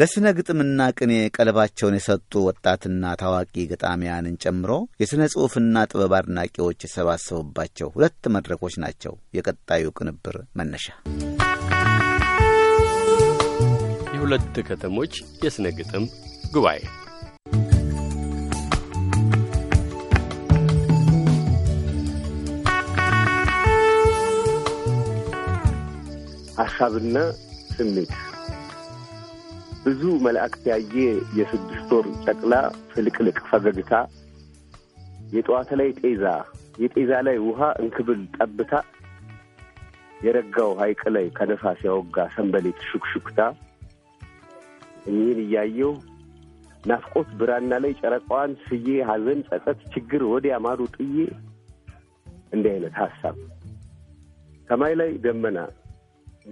ለሥነ ግጥምና ቅኔ ቀለባቸውን የሰጡ ወጣትና ታዋቂ ገጣሚያንን ጨምሮ የሥነ ጽሑፍና ጥበብ አድናቂዎች የሰባሰቡባቸው ሁለት መድረኮች ናቸው የቀጣዩ ቅንብር መነሻ። የሁለት ከተሞች የሥነ ግጥም ጉባኤ ሀሳብና ስሜት ብዙ መላእክት ያየ የስድስት ወር ጨቅላ ፍልቅልቅ ፈገግታ፣ የጠዋት ላይ ጤዛ የጤዛ ላይ ውሃ እንክብል ጠብታ፣ የረጋው ሐይቅ ላይ ከነፋስ ያወጋ ሰንበሌት ሹክሹክታ። እኚህን እያየው ናፍቆት ብራና ላይ ጨረቃዋን ስዬ ሐዘን ጸጸት ችግር ወዲያ ማዶ ጥዬ እንዲህ አይነት ሀሳብ ሰማይ ላይ ደመና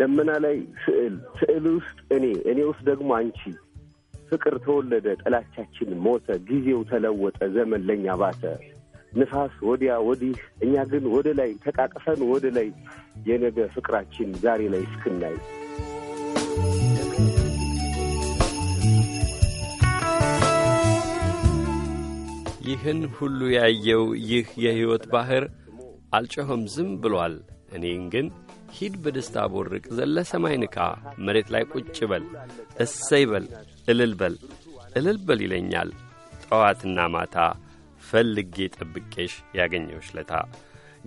ደመና ላይ ስዕል፣ ስዕል ውስጥ እኔ፣ እኔ ውስጥ ደግሞ አንቺ። ፍቅር ተወለደ፣ ጥላቻችን ሞተ፣ ጊዜው ተለወጠ፣ ዘመን ለኛ ባተ። ንፋስ ወዲያ ወዲህ፣ እኛ ግን ወደ ላይ ተቃቅፈን ወደ ላይ የነገ ፍቅራችን ዛሬ ላይ እስክናይ ይህን ሁሉ ያየው ይህ የሕይወት ባሕር አልጮኸም፣ ዝም ብሏል። እኔን ግን ሂድ በደስታ ቦርቅ፣ ዘለ ሰማይ ንካ፣ መሬት ላይ ቁጭ በል፣ እሰይ በል፣ እልል በል፣ እልል በል ይለኛል ጠዋትና ማታ ፈልጌ ጠብቄሽ ያገኘሁሽ ለታ።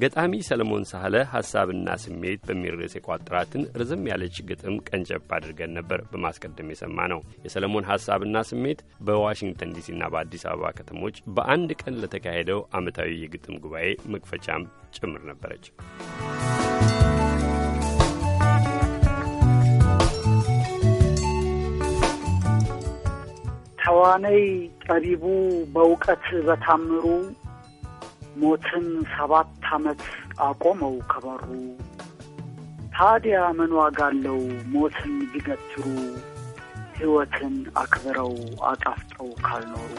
ገጣሚ ሰለሞን ሳህለ ሐሳብና ስሜት በሚርዕስ የቋጥራትን የቋጠራትን ርዝም ያለች ግጥም ቀንጨብ አድርገን ነበር በማስቀደም የሰማ ነው። የሰለሞን ሐሳብና ስሜት በዋሽንግተን ዲሲና በአዲስ አበባ ከተሞች በአንድ ቀን ለተካሄደው ዓመታዊ የግጥም ጉባኤ መክፈቻም ጭምር ነበረች። ተዋነይ ጠቢቡ በእውቀት በታምሩ ሞትን ሰባት ዓመት አቆመው ከበሩ። ታዲያ ምን ዋጋ አለው ሞትን ቢገትሩ ሕይወትን አክብረው አጣፍጠው ካልኖሩ።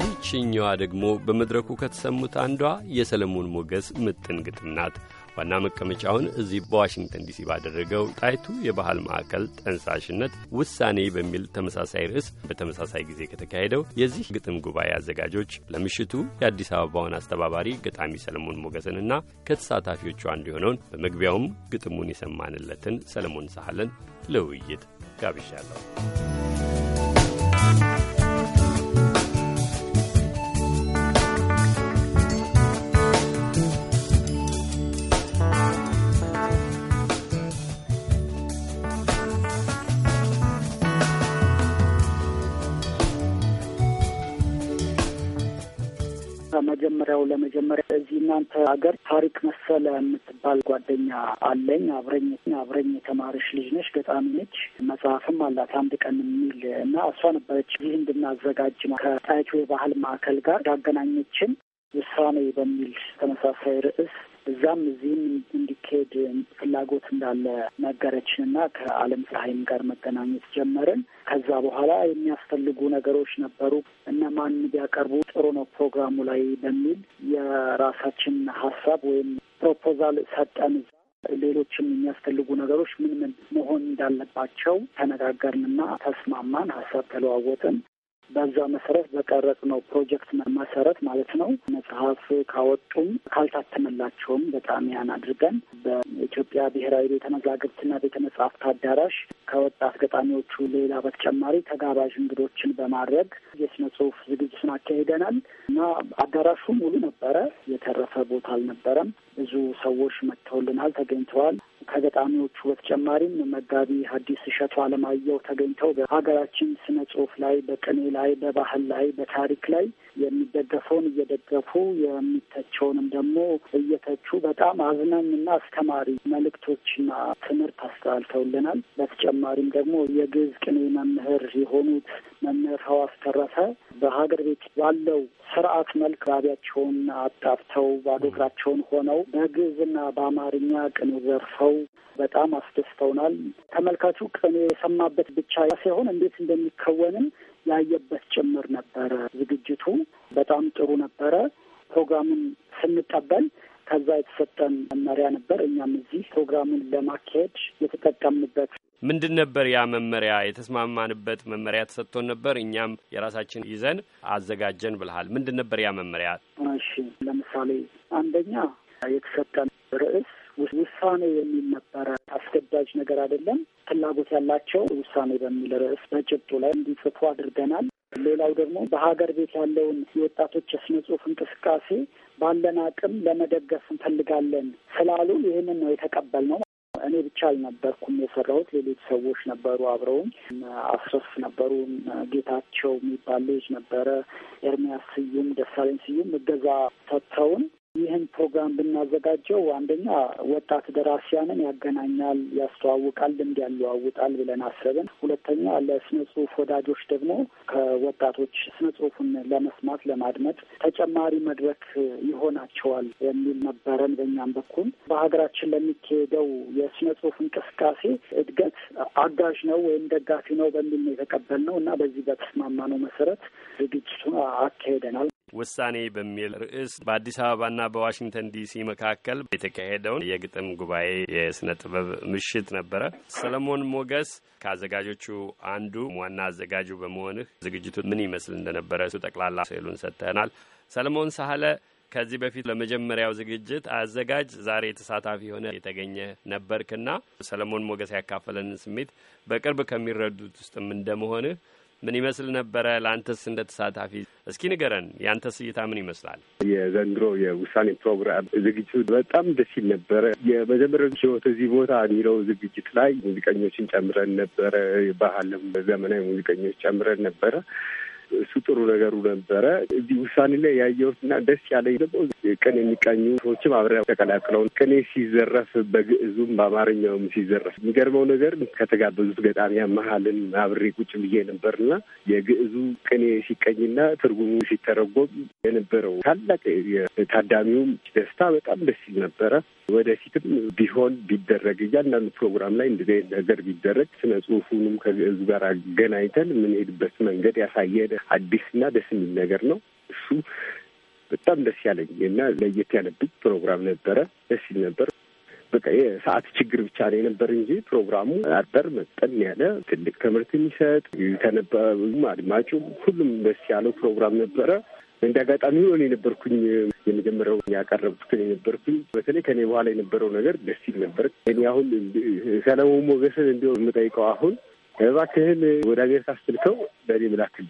ይህችኛዋ ደግሞ በመድረኩ ከተሰሙት አንዷ የሰለሞን ሞገስ ምጥን ግጥም ናት። ዋና መቀመጫውን እዚህ በዋሽንግተን ዲሲ ባደረገው ጣይቱ የባህል ማዕከል ጠንሳሽነት ውሳኔ በሚል ተመሳሳይ ርዕስ በተመሳሳይ ጊዜ ከተካሄደው የዚህ ግጥም ጉባኤ አዘጋጆች ለምሽቱ የአዲስ አበባውን አስተባባሪ ገጣሚ ሰለሞን ሞገስንና ከተሳታፊዎቹ አንዱ የሆነውን በመግቢያውም ግጥሙን የሰማንለትን ሰለሞን ሳህልን ለውይይት ጋብዣለሁ። መጀመሪያው ለመጀመሪያ እዚህ እናንተ ሀገር ታሪክ መሰለ የምትባል ጓደኛ አለኝ። አብረኝ አብረኝ የተማረች ልጅ ነች፣ ገጣሚ ነች፣ መጽሐፍም አላት አንድ ቀን የሚል እና እሷ ነበረች ይህ እንድናዘጋጅ ከጣይቱ የባህል ማዕከል ጋር ያገናኘችን ውሳኔ በሚል ተመሳሳይ ርዕስ እዛም እዚህም እንዲካሄድ ፍላጎት እንዳለ ነገረችን እና ከአለም ፀሐይም ጋር መገናኘት ጀመርን። ከዛ በኋላ የሚያስፈልጉ ነገሮች ነበሩ እና ማን ቢያቀርቡ ጥሩ ነው ፕሮግራሙ ላይ በሚል የራሳችን ሀሳብ ወይም ፕሮፖዛል ሰጠን። ሌሎችም የሚያስፈልጉ ነገሮች ምን ምን መሆን እንዳለባቸው ተነጋገርንና ተስማማን፣ ሀሳብ ተለዋወጥን። በዛ መሰረት በቀረጽ ነው ፕሮጀክት መሰረት ማለት ነው መጽሐፍ ካወጡም ካልታተመላቸውም በጣም ያን አድርገን በኢትዮጵያ ብሔራዊ ቤተ መዛግብትና ቤተ መጽሐፍት አዳራሽ ከወጣት ገጣሚዎቹ ሌላ በተጨማሪ ተጋባዥ እንግዶችን በማድረግ የስነ ጽሁፍ ዝግጅቱን አካሂደናል እና አዳራሹ ሙሉ ነበረ። የተረፈ ቦታ አልነበረም። ብዙ ሰዎች መጥተውልናል፣ ተገኝተዋል። ከገጣሚዎቹ በተጨማሪም መጋቢ ሐዲስ እሸቱ አለማየሁ ተገኝተው በሀገራችን ስነ ጽሁፍ ላይ፣ በቅኔ ላይ፣ በባህል ላይ፣ በታሪክ ላይ የሚደገፈውን እየደገፉ የሚተቸውንም ደግሞ እየተቹ በጣም አዝናኝና አስተማሪ መልእክቶችና ትምህርት አስተላልተውልናል። በተጨማሪም ደግሞ የግዕዝ ቅኔ መምህር የሆኑት መምህር ሐዋስ ተረፈ በሀገር ቤት ባለው ስርዓት መልክ ጋቢያቸውን አጣፍተው ባዶ እግራቸውን ሆነው በግዕዝና በአማርኛ ቅኔ ዘርፈው በጣም አስደስተውናል። ተመልካቹ ቀኑ የሰማበት ብቻ ሳይሆን እንዴት እንደሚከወንም ያየበት ጭምር ነበረ። ዝግጅቱ በጣም ጥሩ ነበረ። ፕሮግራሙን ስንቀበል ከዛ የተሰጠን መመሪያ ነበር። እኛም እዚህ ፕሮግራሙን ለማካሄድ የተጠቀምንበት ምንድን ነበር ያ መመሪያ? የተስማማንበት መመሪያ ተሰጥቶን ነበር። እኛም የራሳችን ይዘን አዘጋጀን ብልሃል። ምንድን ነበር ያ መመሪያ? እሺ፣ ለምሳሌ አንደኛ የተሰጠን ርዕስ ውሳኔ የሚል ነበረ። አስገዳጅ ነገር አይደለም። ፍላጎት ያላቸው ውሳኔ በሚል ርዕስ በጭብጡ ላይ እንዲጽፉ አድርገናል። ሌላው ደግሞ በሀገር ቤት ያለውን የወጣቶች የስነ ጽሁፍ እንቅስቃሴ ባለን አቅም ለመደገፍ እንፈልጋለን ስላሉ ይህንን ነው የተቀበልነው። እኔ ብቻ አልነበርኩም የሰራሁት፣ ሌሎች ሰዎች ነበሩ። አብረውም አስረስ ነበሩ፣ ጌታቸው የሚባል ልጅ ነበረ፣ ኤርሚያስ ስዩም፣ ደሳለኝ ስዩም እገዛ ሰጥተውን ይህን ፕሮግራም ብናዘጋጀው አንደኛ ወጣት ደራሲያንን ያገናኛል፣ ያስተዋውቃል፣ ልምድ ያለዋውጣል ብለን አሰብን። ሁለተኛ ለስነ ጽሁፍ ወዳጆች ደግሞ ከወጣቶች ስነ ጽሁፉን ለመስማት ለማድመጥ ተጨማሪ መድረክ ይሆናቸዋል የሚል ነበረን። በእኛም በኩል በሀገራችን ለሚካሄደው የስነ ጽሁፍ እንቅስቃሴ እድገት አጋዥ ነው ወይም ደጋፊ ነው በሚል ነው የተቀበልነው እና በዚህ በተስማማነው መሰረት ዝግጅቱን አካሄደናል። ውሳኔ በሚል ርዕስ በአዲስ አበባና በዋሽንግተን ዲሲ መካከል የተካሄደውን የግጥም ጉባኤ የስነ ጥበብ ምሽት ነበረ። ሰለሞን ሞገስ ከአዘጋጆቹ አንዱ ዋና አዘጋጁ በመሆንህ ዝግጅቱ ምን ይመስል እንደነበረ እሱ ጠቅላላ ስዕሉን ሰጥተናል። ሰለሞን ሳህለ ከዚህ በፊት ለመጀመሪያው ዝግጅት አዘጋጅ ዛሬ ተሳታፊ የሆነ የተገኘ ነበርክና ሰለሞን ሞገስ ያካፈለንን ስሜት በቅርብ ከሚረዱት ውስጥም እንደመሆንህ ምን ይመስል ነበረ? ለአንተስ እንደ ተሳታፊ እስኪ ንገረን። የአንተስ እይታ ምን ይመስላል? የዘንድሮ የውሳኔ ፕሮግራም ዝግጅቱ በጣም ደስ ይል ነበረ። የመጀመሪያው ህይወት እዚህ ቦታ የሚለው ዝግጅት ላይ ሙዚቀኞችን ጨምረን ነበረ። ባህልም ዘመናዊ ሙዚቀኞች ጨምረን ነበረ። እሱ ጥሩ ነገሩ ነበረ። እዚህ ውሳኔ ላይ ያየሁትና ደስ ያለኝ ደግሞ ቅኔ የሚቀኙ ሰዎችም አብረው ተቀላቅለው ቅኔ ሲዘረፍ በግዕዙም በአማርኛውም ሲዘረፍ የሚገርመው ነገር ከተጋበዙት ገጣሚያን መሀልን አብሬ ቁጭ ብዬ ነበርና የግዕዙ ቅኔ ሲቀኝና ትርጉሙ ሲተረጎም የነበረው ታላቅ የታዳሚውም ደስታ በጣም ደስ ይል ነበረ። ወደፊትም ቢሆን ቢደረግ እያንዳንዱ ፕሮግራም ላይ እንደዚህ ነገር ቢደረግ ስነ ጽሁፉንም ከግዕዙ ጋር አገናኝተን የምንሄድበት መንገድ ያሳየ አዲስና ደስ የሚል ነገር ነው። እሱ በጣም ደስ ያለኝ እና ለየት ያለብኝ ፕሮግራም ነበረ። ደስ ይል ነበር። በቃ የሰዓት ችግር ብቻ ነው የነበር እንጂ ፕሮግራሙ አጠር መጠን ያለ ትልቅ ትምህርት የሚሰጥ ተነበቡም፣ አድማጩም ሁሉም ደስ ያለው ፕሮግራም ነበረ። እንደ አጋጣሚ ሆኖ የነበርኩኝ የመጀመሪያው ያቀረብኩትን የነበርኩኝ በተለይ ከኔ በኋላ የነበረው ነገር ደስ ይል ነበር። እኔ አሁን ሰለሞን ሞገስን እንዲሆን የምጠይቀው አሁን እባክህን ወደ ሀገር ታስልከው በእኔ ምን አክል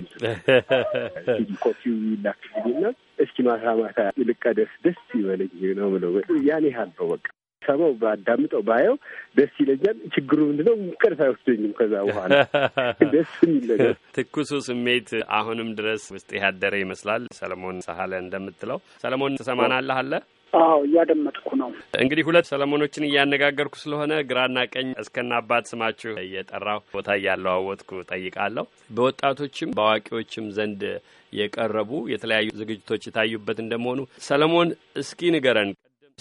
ኮፒው ላክልና እስኪ ማታ ማታ ልቀደስ ደስ ይበለኝ ነው ብለው ያን ያህል ነው በቃ ሰማው ባዳምጠው ባየው ደስ ይለኛል። ችግሩ ምንድነው? ሙቀት አይወስደኝም። ከዛ በኋላ ደስ የሚል ትኩሱ ስሜት አሁንም ድረስ ውስጥ ያደረ ይመስላል። ሰለሞን ሳሀለ እንደምትለው ሰለሞን ትሰማናለህ አለ አዎ እያደመጥኩ ነው። እንግዲህ ሁለት ሰለሞኖችን እያነጋገርኩ ስለሆነ ግራና ቀኝ እስከና አባት ስማችሁ እየጠራሁ ቦታ እያለዋወጥኩ ጠይቃለሁ። በወጣቶችም በአዋቂዎችም ዘንድ የቀረቡ የተለያዩ ዝግጅቶች የታዩበት እንደመሆኑ ሰለሞን እስኪ ንገረን።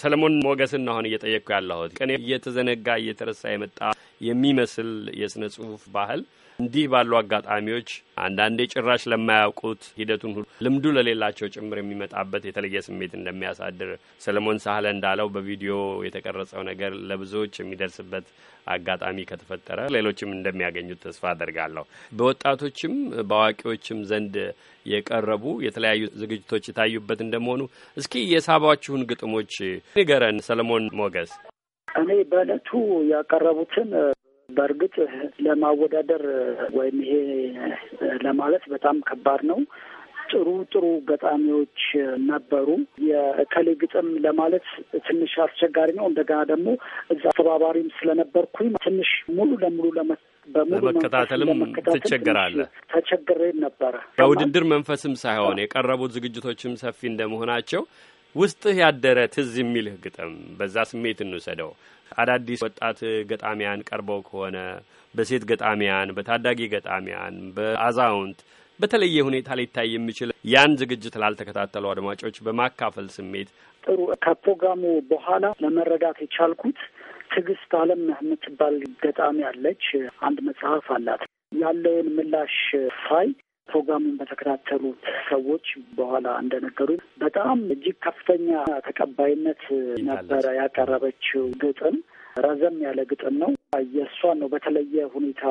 ሰለሞን ሞገስን አሁን እየጠየቅኩ ያለሁት ቀኔ እየተዘነጋ እየተረሳ የመጣ የሚመስል የስነ ጽሁፍ ባህል እንዲህ ባሉ አጋጣሚዎች አንዳንዴ ጭራሽ ለማያውቁት ሂደቱን ሁሉ ልምዱ ለሌላቸው ጭምር የሚመጣበት የተለየ ስሜት እንደሚያሳድር ሰለሞን ሳህለ እንዳለው በቪዲዮ የተቀረጸው ነገር ለብዙዎች የሚደርስበት አጋጣሚ ከተፈጠረ ሌሎችም እንደሚያገኙት ተስፋ አደርጋለሁ። በወጣቶችም በአዋቂዎችም ዘንድ የቀረቡ የተለያዩ ዝግጅቶች የታዩበት እንደመሆኑ እስኪ የሳባችሁን ግጥሞች ንገረን ሰለሞን ሞገስ። እኔ በእለቱ ያቀረቡትን በእርግጥ ለማወዳደር ወይም ይሄ ለማለት በጣም ከባድ ነው። ጥሩ ጥሩ ገጣሚዎች ነበሩ። የእከሌ ግጥም ለማለት ትንሽ አስቸጋሪ ነው። እንደገና ደግሞ እዛ አስተባባሪም ስለነበርኩኝ ትንሽ ሙሉ ለሙሉ ለመ በመከታተልም ለመከታተልም ትቸገራለህ። ተቸግሬም ነበረ። በውድድር መንፈስም ሳይሆን የቀረቡት ዝግጅቶችም ሰፊ እንደመሆናቸው ውስጥህ ያደረ ትዝ የሚልህ ግጥም በዛ ስሜት እንውሰደው። አዳዲስ ወጣት ገጣሚያን ቀርበው ከሆነ በሴት ገጣሚያን፣ በታዳጊ ገጣሚያን፣ በአዛውንት በተለየ ሁኔታ ሊታይ የሚችል ያን ዝግጅት ላልተከታተሉ አድማጮች በማካፈል ስሜት ጥሩ ከፕሮግራሙ በኋላ ለመረዳት የቻልኩት ትዕግስት አለም የምትባል ገጣሚ አለች። አንድ መጽሐፍ አላት ያለውን ምላሽ ሳይ ፕሮግራሙን በተከታተሉት ሰዎች በኋላ እንደነገሩ በጣም እጅግ ከፍተኛ ተቀባይነት ነበረ ያቀረበችው ግጥም። ረዘም ያለ ግጥም ነው። የእሷን ነው በተለየ ሁኔታ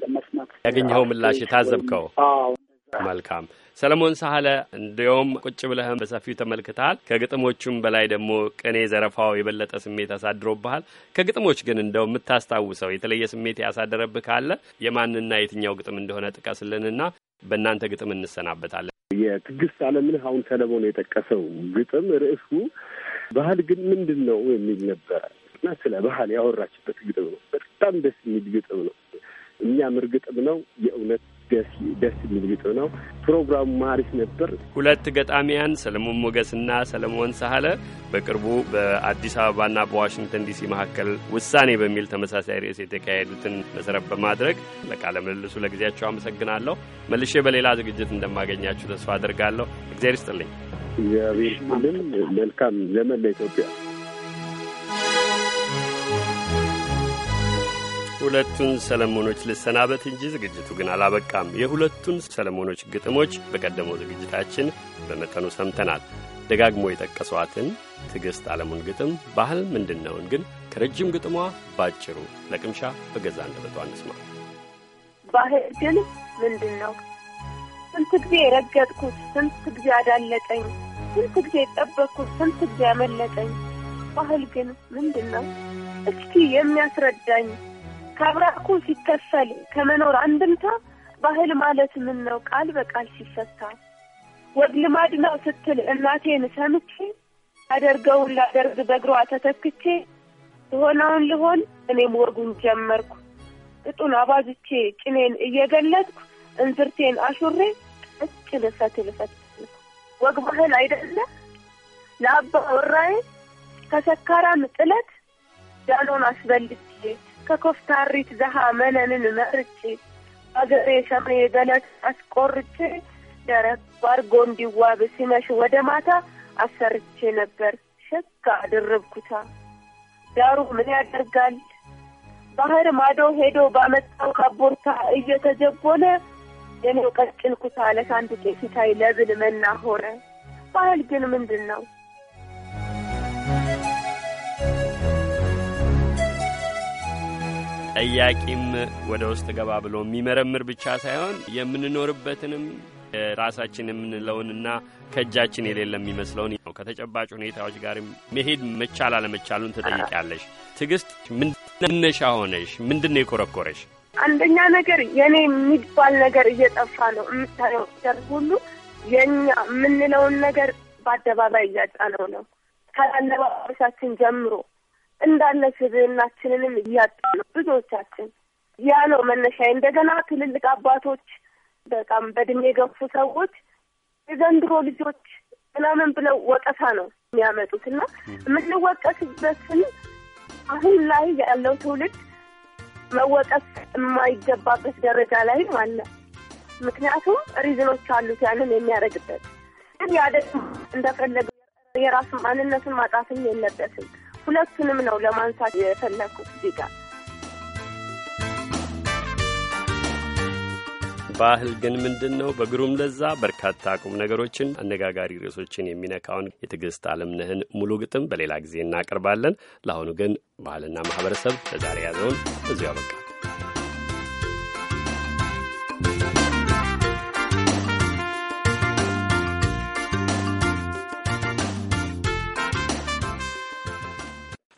ለመስማት ያገኘኸው ምላሽ የታዘብከው? አዎ። መልካም ሰለሞን ሳህለ፣ እንዲያውም ቁጭ ብለህም በሰፊው ተመልክተሃል። ከግጥሞቹም በላይ ደግሞ ቅኔ ዘረፋው የበለጠ ስሜት አሳድሮብሃል። ከግጥሞች ግን እንደው የምታስታውሰው የተለየ ስሜት ያሳደረብህ ካለ የማንና የትኛው ግጥም እንደሆነ ጥቀስልንና በእናንተ ግጥም እንሰናበታለን። የትዕግስት አለምነህ አሁን ሰለሞን የጠቀሰው ግጥም ርዕሱ ባህል ግን ምንድን ነው የሚል ነበረ እና ስለ ባህል ያወራችበት ግጥም ነው። በጣም ደስ የሚል ግጥም ነው። እኛም እርግጥም ነው የእውነት ደስ የሚል ግጥም ነው። ፕሮግራሙ ማሪፍ ነበር። ሁለት ገጣሚያን ሰለሞን ሞገስና ሰለሞን ሳህለ በቅርቡ በአዲስ አበባና በዋሽንግተን ዲሲ መካከል ውሳኔ በሚል ተመሳሳይ ርዕስ የተካሄዱትን መሰረት በማድረግ ለቃለ ምልልሱ ለጊዜያቸው አመሰግናለሁ። መልሼ በሌላ ዝግጅት እንደማገኛችሁ ተስፋ አድርጋለሁ። እግዚአብሔር ይስጥልኝ። እግዚአብሔር ይስጥልን። መልካም ዘመን ለኢትዮጵያ። ሁለቱን ሰለሞኖች ልሰናበት እንጂ ዝግጅቱ ግን አላበቃም። የሁለቱን ሰለሞኖች ግጥሞች በቀደመው ዝግጅታችን በመጠኑ ሰምተናል። ደጋግሞ የጠቀሷትን ትዕግሥት ዓለሙን ግጥም ባህል ምንድን ነውን ግን ከረጅም ግጥሟ ባጭሩ ለቅምሻ በገዛ አንደበቷ እንስማ። ባህል ግን ምንድን ነው? ስንት ጊዜ የረገጥኩት፣ ስንት ጊዜ አዳለጠኝ፣ ስንት ጊዜ የጠበቅኩት፣ ስንት ጊዜ ያመለጠኝ ባህል ግን ምንድን ነው? እስኪ የሚያስረዳኝ ከአብራኩ ሲከፈል ከመኖር አንድምታ ባህል ማለት ምን ነው ቃል በቃል ሲፈታ ወግ ልማድ ነው ስትል እናቴን ሰምቼ አደርገውን ላደርግ በእግሯ ተተክቼ ልሆነውን ልሆን እኔም ወጉን ጀመርኩ ቅጡን አባዝቼ ጭኔን እየገለጥኩ እንዝርቴን አሹሬ ቀጭን ልፈት ልፈት ወግ ባህል አይደለ ለአባ ወራዬ ከሰካራም ጥለት ዳኖን አስበልቼ ከኮፍታሪት ዘሃ መነንን መርጬ አገሬ ሸምኔ በለት አስቆርቼ ደረቅ ባርጎ እንዲዋብ ሲመሽ ወደ ማታ አሰርቼ ነበር ሸካ አደረብኩታ። ዳሩ ምን ያደርጋል ባህር ማዶ ሄዶ ባመጣው ካቦርታ እየተጀቦለ የኔው ቀጭን ኩታ ለሳንዱቄ ፊታይ ለብል መና ሆነ። ባህል ግን ምንድን ነው? ጠያቂም ወደ ውስጥ ገባ ብሎ የሚመረምር ብቻ ሳይሆን የምንኖርበትንም ራሳችን የምንለውንና ከእጃችን የሌለ የሚመስለውን ነው ከተጨባጭ ሁኔታዎች ጋር መሄድ መቻል አለመቻሉን ትጠይቂያለሽ። ትዕግስት ምንነሻ ሆነሽ ምንድን ነው የኮረኮረሽ? አንደኛ ነገር የኔ የሚባል ነገር እየጠፋ ነው። የምታየው ነገር ሁሉ የኛ የምንለውን ነገር በአደባባይ እያጫነው ነው። ከአለባበሳችን ጀምሮ እንዳለ ስብዕናችንንም እያጡ ብዙዎቻችን። ያ ነው መነሻ። እንደገና ትልልቅ አባቶች፣ በጣም በድሜ የገፉ ሰዎች የዘንድሮ ልጆች ምናምን ብለው ወቀሳ ነው የሚያመጡት እና የምንወቀስበትን አሁን ላይ ያለው ትውልድ መወቀስ የማይገባበት ደረጃ ላይ አለ። ምክንያቱም ሪዝኖች አሉት ያንን የሚያደርግበት ግን ያደግ እንደፈለገ የራሱ ማንነትን ማጣትም የለበትም። ሁለቱንም ነው ለማንሳት የፈለግኩት እዚህ ጋር። ባህል ግን ምንድን ነው? በግሩም ለዛ በርካታ ቁም ነገሮችን አነጋጋሪ ርዕሶችን የሚነካውን የትዕግስት አለምነህን ሙሉ ግጥም በሌላ ጊዜ እናቀርባለን። ለአሁኑ ግን ባህልና ማህበረሰብ ለዛሬ ያዘውን እዚሁ አበቃ።